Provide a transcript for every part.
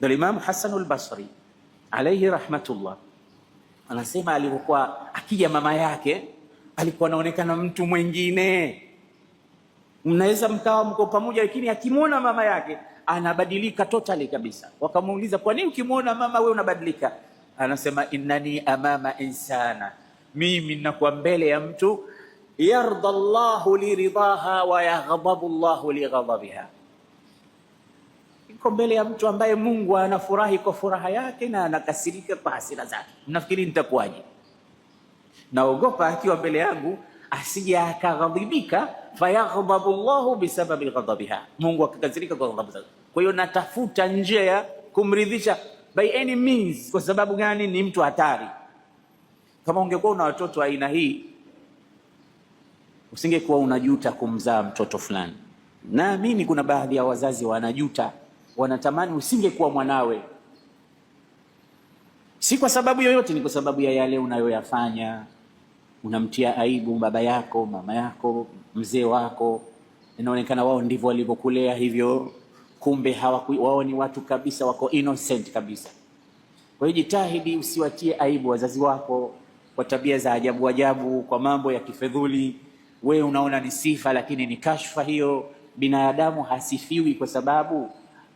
Ndio Imamu Hasan al-Basri alayhi rahmatullah anasema alivyokuwa akija mama yake alikuwa anaonekana mtu mwingine. Mnaweza mkawa mko pamoja, lakini akimwona mama yake anabadilika totally kabisa. Wakamuuliza, kwa nini ukimwona mama wewe unabadilika? Anasema, innani amama insana, mimi nakuwa mbele ya mtu, yarda llahu liridhaha wa yaghdhabu llahu lighadhabiha iko mbele ya mtu ambaye Mungu anafurahi kwa furaha yake na anakasirika kwa hasira zake. Mnafikiri nitakuwaje? Naogopa akiwa mbele yangu asije akaghadhibika, fayaghdabu llahu bisababi ghadhabiha, Mungu akakasirika kwa ghadhabu zake. Kwa hiyo natafuta njia ya kumridhisha by any means. Kwa sababu gani? Ni mtu hatari. Kama ungekuwa una watoto aina hii, usingekuwa unajuta kumzaa mtoto fulani. Naamini kuna baadhi ya wazazi wanajuta wanatamani usingekuwa mwanawe, si kwa sababu yoyote, ni kwa sababu ya yale unayoyafanya. Unamtia aibu baba yako, mama yako, mzee wako. Inaonekana wao ndivyo walivyokulea hivyo, kumbe hawaku, wao ni watu kabisa, wako innocent kabisa. Kwa hiyo jitahidi usiwatie aibu wazazi wako kwa tabia za ajabu ajabu, kwa mambo ya kifedhuli. We unaona ni sifa, lakini ni kashfa hiyo. Binadamu hasifiwi kwa sababu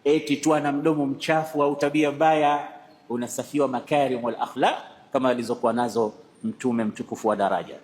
eti tu na mdomo mchafu au tabia mbaya unasafiwa makarim al akhlaq kama alizokuwa nazo mtume mtukufu wa daraja